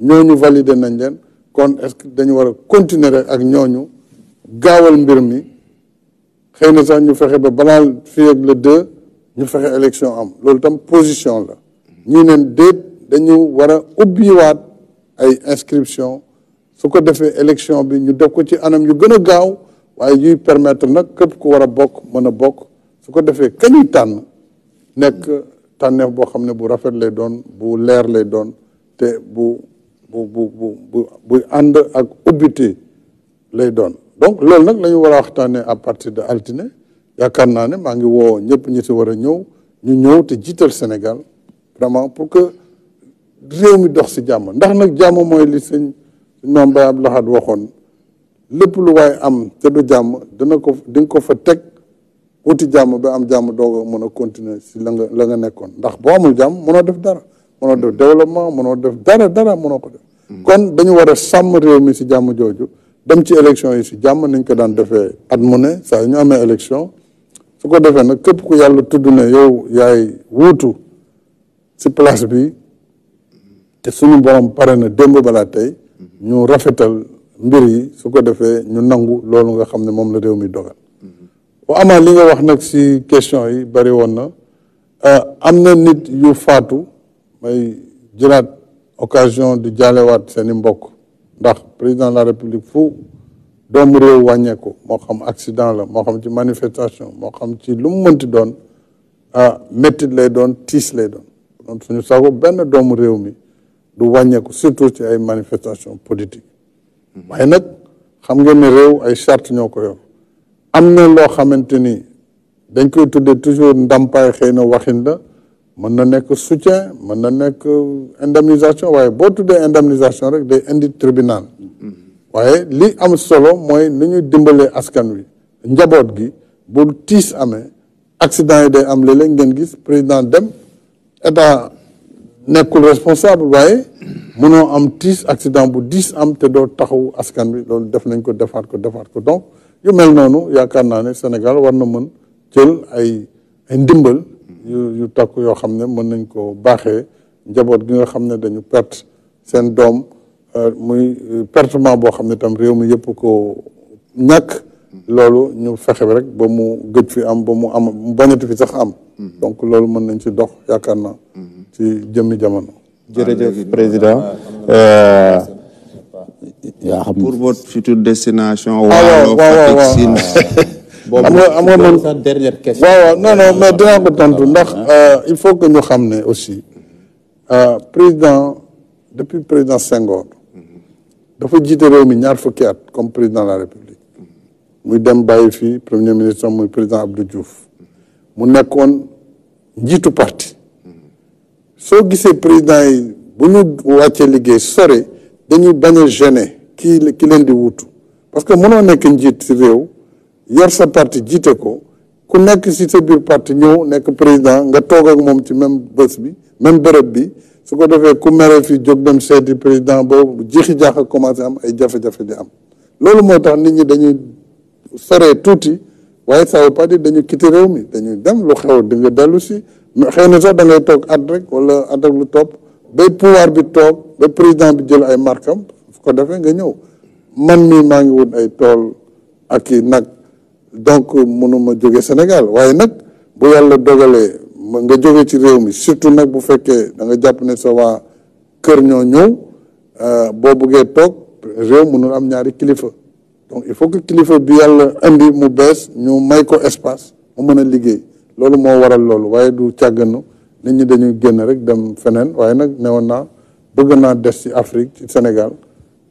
ñoo ñu valider nañ leen kon est-ce que dañu war a continuer rek ak ñooñu gaawal mbir mi xëy na sax ñu fexe ba balaa fii ak le deux ñu fexe élection am loolu tam position la ñii neen déet dañu war a ubbiwaat ay inscription su ko defee élection bi ñu def ko ci anam yu gën a gaaw waaye yuy permettre nag képp ku war a bokk mën a bokk su ko defee kañuy tànn nekk tànneef boo xam ne bu rafet lay doon bu leer lay doon te bu bu bu bu bu ànd ak ubbite lay doon donc loolu nag la ñu war a waxtaanee à partir de altine yaakaar naa ne maa ngi woo ñëpp ñi si war a ñëw ñu ñëw jiital Sénégal vraiment pour que réew mi dox si jàmm ndax nag jàmm mooy li sëñ maam Baye waxoon lépp lu waaye am te jàmm dana ko di ko fa teg uti jàmm ba am jàmm doog mën a continuer si la nga la nga nekkoon ndax boo amul jàmm mënoo def dara mënoo def développement mënoo def dara dara mënoo ko def kon dañu war a sàmm réew mi si jàmm jooju dem ci élection yi si jàmm nañ ko daan defee at mu ne saa ñu amee élection su ko defee nag képp ku yàlla tudd ne yow yaay wutu si place bi te suñu borom pare na démb balaa tey ñu rafetal mbir yi su ko defee ñu nangu loolu nga xam ne moom la réew mi dogal wa amaa li nga wax nag si question yi bari woon na ah, am na nit yu faatu may jëlaat occasion di jaalewaat seeni mbok ndax président de la république fou doomu rew wàññeeku mo xam accident la mo xam ci manifestation mo xam ci lu mu mënti doon ah metti lay don tiis lay don kon suñu sago ben doomu rew mi du wàññeeku surtout ci ay manifestation politique way nak xam ngeen ne rew ay charte ñoko ko yor am na loo dañ koy tuddee toujours ndampaay xëy na waxin la mën na nekk soutien mën na nekk indemnisation waaye boo tuddee indemnisation rek de indi tribunal waaye li am solo mooy ni ñu dimbalee askan wi njaboot gi bu tiis amee accident yi day am léeg ngeen gis président dem état nekkul responsable waaye mënoo am tiis accident bu diis am te doo taxawu askan wi loolu def nañ ko defaat ko defaat ko donc yu mel noonu yaakaar naa ne Sénégal war na mën jël ay ay ndimbal yu yu takk yoo xam ne mën nañ koo baaxee njaboot gi nga xam ne dañu perte seen doom muy pertement boo xam ne tam réew mi yëpp ko ñàkk loolu ñu fexe rek ba mu gëj fi am ba mu am mu bañati fi sax am donc loolu mën nañ ci dox yaakaar na ci jëmmi jamono jërëjëf président yaa xam pour votre future destination waalo Fatick Sine boobu am nga man sa dernière question. non non mais dinaa ko tontu ndax hein. euh, il faut que ñu xam ne aussi euh, président depuis président Senghor. dafa jiite réew mi ñaar fukki comme président de la république. muy dem bàyyi fii premier ministre muy président Abdou Diouf. mu nekkoon njiitu parti. soo gisee président yi bu ñu wàccee liggéey sore dañuy bañ a gêner kii ki leen di wutu parce que mënoo nekk njiit si réew. yor sa parti jité ko ku nek ci sa bir parti ñëw nek président nga tok ak mom ci même bëss bi même bërepp bi su ko défé ku méré fi jog dem seeti président boobu jixi ak commencé am ay jafe-jafe di am lolu moo tax nit ñi dañuy féré tuuti waye sa wa parti dañuy kité réew mi dañuy dem lu xew di nga dalu ci xeyna na sax da ngay tok at rek wala at ak lu top be pouvoir bi toog be président bi jël ay markam ko défé nga ñëw man mi ma ngi won ay tol ak nak donc mënuma jóge Sénégal waaye nag bu yàlla dogalee nga jóge ci réew mi surtout nag bu fekkee da nga jàpp ne sa waa kër ñoo ñëw euh, boo bëggee toog réew mënul am ñaari kilifa il faut que kilifa bi yàlla indi mu bees ñu may ko espace mu mën a liggéey loolu moo waral loolu waaye du càgganu nit ñi dañuy génn rek dem feneen waaye nag newoon naa bëgg naa des ci Afrique ci Sénégal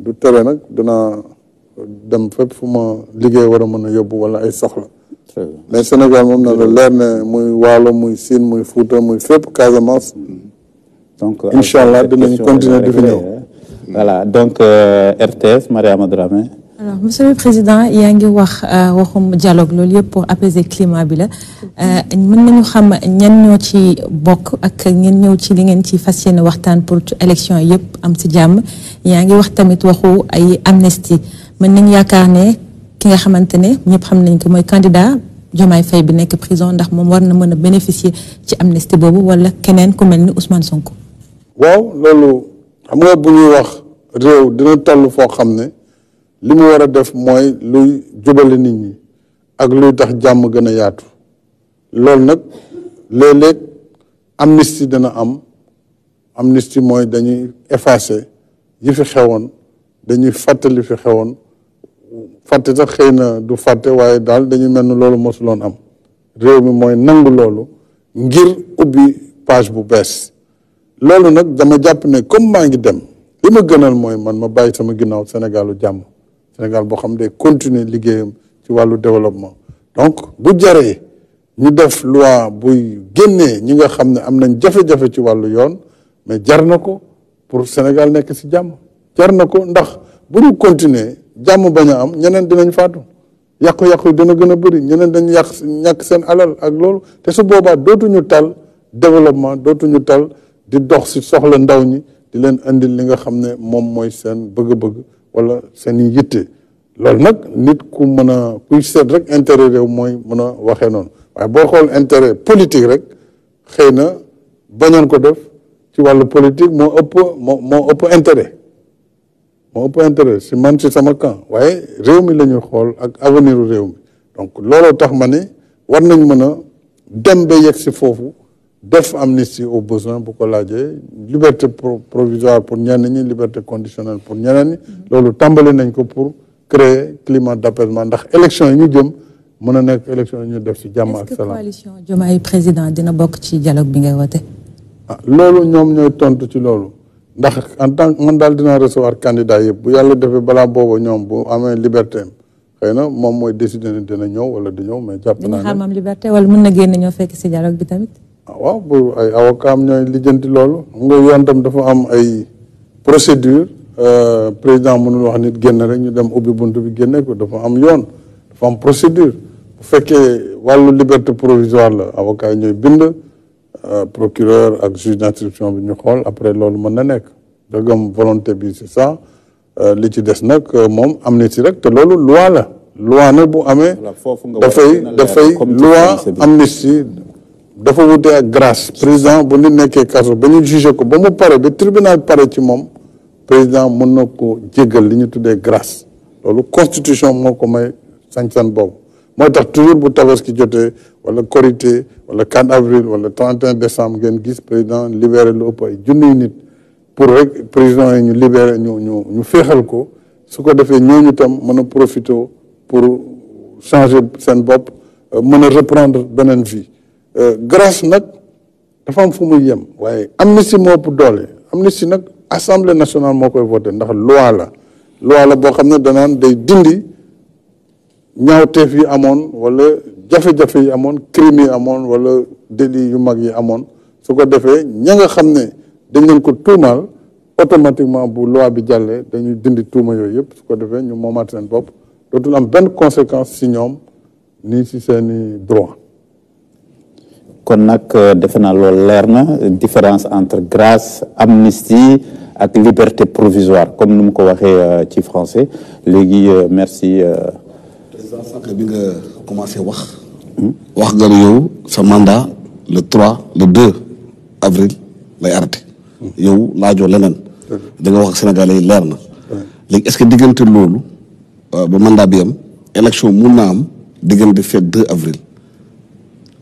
du tere nag danaa dem fépp fu ma liggéey war a mën a yóbbu wala ay soxla mais Sénégal moom na la leer ne muy Waalo muy Siin muy Fuuta muy fépp Casamance mm-hmm. donc euh, incha allah dinañ continuer di fi ñëw hein. voilà donc euh, RTS Mariama Dramé alors monsieur le président yaa ngi wax euh, waxum dialogue loolu yëpp pour apaiser climat bi la euh, mën nañu xam ñan ñoo ci bokk ak ngeen ñëw ci li ngeen ci fas yéene pour élection yëpp am si jàmm yaa ngi wax tamit waxu ay amnistie mën nañu yaakaar ne ki nga xamante ne xam nañ ko mooy candidat Diomaye Faye bi nekk prison ndax mom war na mën bénéficier ci amnistie bobu wala keneen ku melni Ousmane Sonko. waaw loolu xam nga buñu wax rew dina tollu fo xamne ne. li mu war a def mooy luy jubale nit ñi ak luy tax jàmm gën a yaatu loolu nag léeg-léeg amnistie dana am amnistie mooy dañuy effacer yi fi xewoon dañuy fàttali fi xewoon fàtte sax xëy na du fàtte waaye daal dañuy mel ni loolu mosuloon am réew mi mooy nangu loolu ngir ubbi page bu bees loolu nag dama jàpp ne comme maa ngi dem li ma gënal mooy man ma bàyyi sama ginnaaw Sénégalu jàmm Sénégal boo xam day continuer liggéeyam ci wàllu développement donc bu jaree ñu def loi buy génnee ñi nga xam ne am nañ jafe-jafe ci wàllu yoon mais jar na ko pour Sénégal nekk ci jàmm jar na ko ndax bu ñu continuer jàmm bañ a am ñeneen dinañ faatu yàqu-yàqu yi dina gën a bëri ñeneen dañ yàq ñàkk seen alal ak loolu te su boobaa dootuñu tal développement dootuñu tal di dox ci soxla ndaw ñi di leen indil li nga xam ne moom mooy seen bëgg-bëgg wala seen i yitte loolu nag nit ku mën a kuy seet rek intérêt réew mooy mën a waxee noonu waaye boo xool intérêt politique rek xëy na bañoon ko def ci wàllu politique moo ëpp moo moo ëpp intérêt moo ëpp intérêt si man si sama camp waaye réew mi la ñuy xool ak avenir réew mi donc looloo tax ma ne war nañ mën a dem ba yegg si foofu def amnistie au besoin bu ko laajee liberté provisoire pour ñenn ñi liberté conditionnelle pour ñeneen ñi mhm. loolu tàmbali nañ ko pour créer climat d'apaisement ndax élection yi ñu jëm mën a nekk élection yi ñu def ci jàmm ak salaam. est-ce que coalition Diomaye président dina bokk ci dialogue bi ngay woote. ah loolu ñoom ñooy tontu ci loolu ndax en tant que man daal dina recevoir candidat yëpp bu yàlla defee balaa boobu ñoom bu amee liberté xëy na moom mooy décider ne dina ñëw wala du ñëw mais. jàpp naa ne dina xam am liberté wala mën na génn ñoo fekk ci dialogue bi tamit. Ah, waaw bu ay avocat am ñooy lijjanti loolu xam nga yoon tam dafa am ay procédure euh, président mënul wax nit génn rek ñu dem ubbi bunt bi génne ko dafa am yoon dafa am procédure bu fekkee wàllu liberté provisoire la avocat yi ñooy bind euh, ak juge d'instruction bi ñu xool après loolu mën na nekk dëggam volonté bi c'est ça euh, li ci des nag moom amnistie rek te loolu loi la loi bu amee dafay dafay loi amnistie dafa vous ak grâce président bu nit nekkee kaso ba ñu jugé ko ba mu pare ba tribunal pare ci moom président Monoko. na ko jéggal li ñu tuddee grâce La constitution moo ko may sañ-sañ boobu moo tax toujours bu tabaski jotee wala korité wala 4 avril wala 31 décembre ngeen gis président libéré lu ëpp ay nit pour président yi ñu libéré ñu ñu ñu féexal ko su ko nous ñooñu tam mën a pour changer seen bopp mën reprendre une vie euh, grâce nak dafa am fu muy yem waaye amnistie moo ëpp doole amnistie nag assemblée nationale moo koy voté ndax loi la loi la boo xam ne danaan day dindi ñaawteef yi amoon wala jafe-jafe yi amoon crime yi amoon wala délit yu mag yi amoon su ko defee ña nga xam ne dañ leen ko tuumaal automatiquement bu loi bi jàllee dañuy dindi tuuma yooyu yëpp su ko defee ñu moomaat seen bopp dootul am benn conséquence si ñoom ni si seeni droit kon nak euh, defena naa loolu différence entre grâce amnistie et liberté provisoire comme nous ko waxé euh, ci français légui euh, merci. président Sànq bi nga commencé wax. Hmm? wax nga yow sa mandat le 3 le 2 avril lay arrêté. Hmm. yow laajoo leneen. Hmm. da nga wax Sénégalais lerna est-ce que diggante lolou ba mandat bi am élection mu na am diggante fête 2 avril.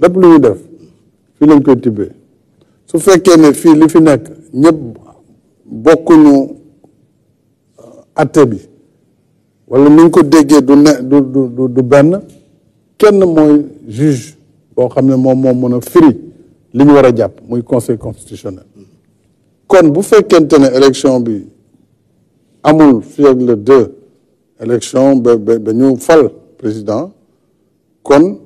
lépp lu ñu def fii lañ koy tibbee su fekkee ne fii li fi nekk ñëpp bokkuñu uh, atte bi wala ni ko déggee du ne du du du benn kenn mooy juge boo xam ne moom moom mën a firi li ñu war a jàpp muy conseil constitutionnel kon bu fekkente ne élection bi amul fii ak le deux élection ba ba ba ñu fal président kon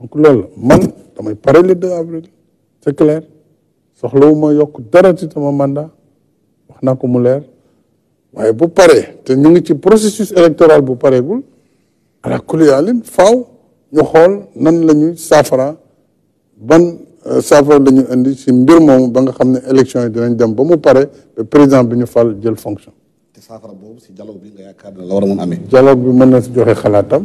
donc loolu la man damay pare le 2 avril c'est soxlawuma yokk dara ci sama mandat wax naa ko mu leer waaye bu paree te ñu ngi ci processus électoral bu pareegul ala kuliyaalin faaw ñu xool nan lañuy ñuy saafara ban euh, saafara la indi si mbir moomu ba nga xam ne élection yi dinañ dem ba mu pare ba président bi ñu fal jël fonction. te saafara boobu si dialogue bi nga yaakaar la war a mën amee. dialogue bi mën na si joxe xalaatam.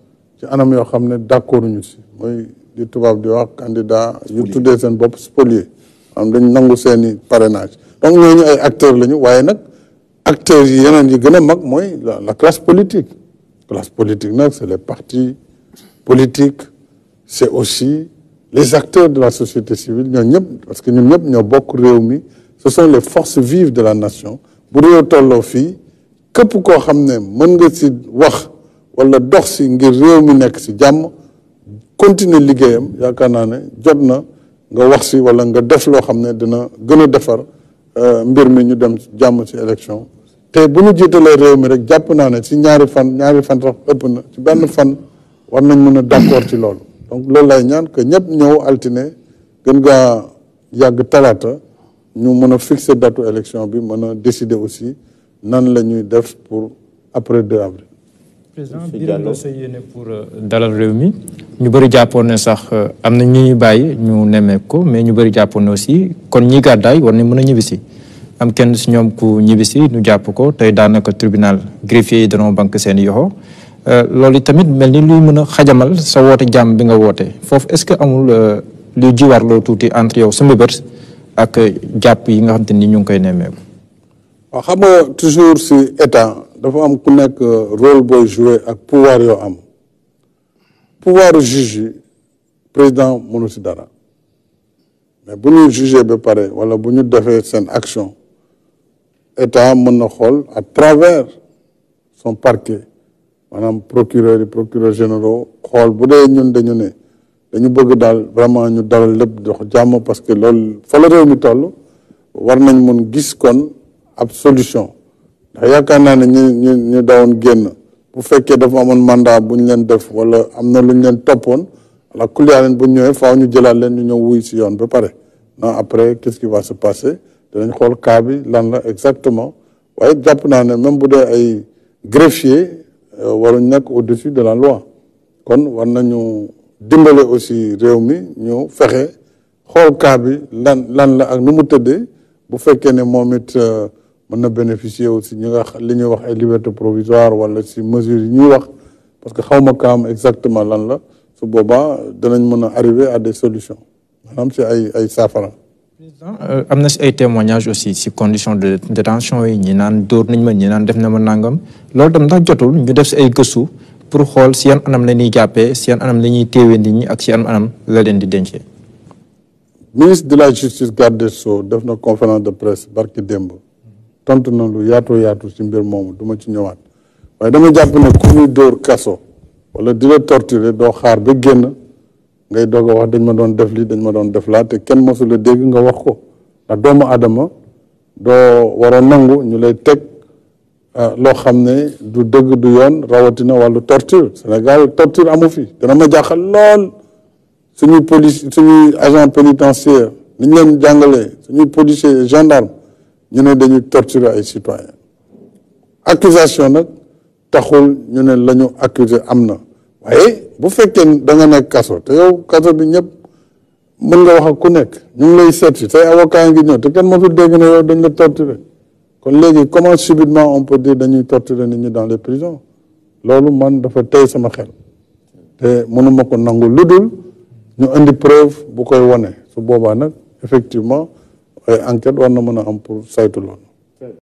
anam yo xamné ne d'accord ñu ci moy di tubab di wax candidat yu tuddé sen bop spolié am dañ nangu seeni parrainage donc ñu ay acteurs lañu waye nak acteurs yi yeneen yi gëna mag moy la classe politique classe politique nak c'est les partis politiques c'est aussi les acteurs de la société civile ñoo ñep parce que ñun ñep ñoo bokk réew mi ce sont les forces vives de la nation bu réew tolloo fi képp koo xam ne mën nga si wax wala dox si ngir réew mi nekk si jàmm continuer liggéeyam yaakaar naa ne jot na nga wax si wala nga def loo xam ne dina gën a defar euh, mbir mi ñu dem jàmm si élection te bu ñu jiitalee réew mi rek jàpp naa ne si ñaari fan ñaari fan sax ëpp na ci benn fan war nañ mën a d'accord ci loolu donc loolu lay ñaan que ñëpp ñëw altine gën ngaa yàgg talaata ñu mën a fixer datu élection bi mën a décider aussi nan la ñuy def pour après 2 avril président Birame la sa yéene pour euh, dalal réew mi ñu bëri jàppoon ne sax euh, am na ñu ñu bàyyi ñu nemmeeku ko mais ñu bëri jàppoon ne aussi kon ñi gàddaay war nañ mën a ñibbisi am kenn si ñoom ku ñibbisi ñu jàpp ko tey daanaka tribunal greffier yi danoo banque seen yoxo euh, loolu tamit mel ni luy mën a xajamal sa woote jàmm bi nga woote foofu est-ce que amul lu jiwaar loo tuuti entre yow sa mbëbër ak jàpp yi nga xam te ni ñu ngi koy nemmeeku. waaw xam toujours si état dafa am ku nekk rôle boy jouer ak pouvoir yoo am pouvoir juge président mënu si dara mais bu ñu jugee ba pare wala bu ñu defee seen action état mën na xool à travers son parquet maanaam procureur yi procureur généraux xool bu dee ñun dañu ne dañu bëgg daal vraiment ñu dalal lépp dox jàmm parce que loolu fa la réew mi toll war nañ mun gis kon ab solution ndax yaakaar ni ni ñu ñu bu fekkee dafa amone mandat buñ ñu leen def wala amna luñ lu ñu leen toppoon wala kulyaa leen bu ñu ñëwee faaw ñu jëlaat leen ñu ñëw wuy ci yoon ba paré non après qu'est-ce qui va se passer danañ xol ka bi lan la exactement waye japp na né même bu dee ay greffier euh, waruñ nekk au-dessus de la loi kon war nañu dimbale aussi réew mi ñu fexe xool cas bi lan lan la ak nu mu tëddee bu fekké né momit it euh, on a bénéficié aussi de la liberté provisoire wala mesures parce que kaam exactement lan la su boobaa a arriver à des solutions madame si ay euh, ay témoignages aussi si conditions de détention yi ñi naan dóor nañ ma def na ma nangam tam ay pour xool si anam la si yan anam la ñuy ak ministre de la justice garde des conférence de presse barki tontu na lu yaatoo yaatu ci mbir moomu du ci ñëwaat waaye dama jàpp ne ku ñuy dóor kaso wala di la torturer doo xaar ba génn ngay doog a wax dañ ma doon def lii dañ ma doon def laa te kenn mosu la dégg nga wax ko ndax doomu adama doo war nangu ñu lay teg ah, loo xam ne du dëgg du yoon rawatina wàllu torture Sénégal torture amu fi dana ma jaaxal lool suñuy police suñuy agent pénitentiaire ni leen jàngalee suñu policier gendarme ñu ne dañu torturer ay citoyens. accusation nag taxul ñu ne la ñu accusé am na waaye bu fekkee da nga nekk kaso te yow kaso bi ñëpp mën nga wax ak ku ñu lay avocat ngi ñëw te ne comment subitement on peut dire torturer nit ñi dans les prisons loolu man dafa tey sama xel te mënuma ko nangu lu ñu andi preuve bu koy effectivement ay eh, enquête war na mën a am pour saytu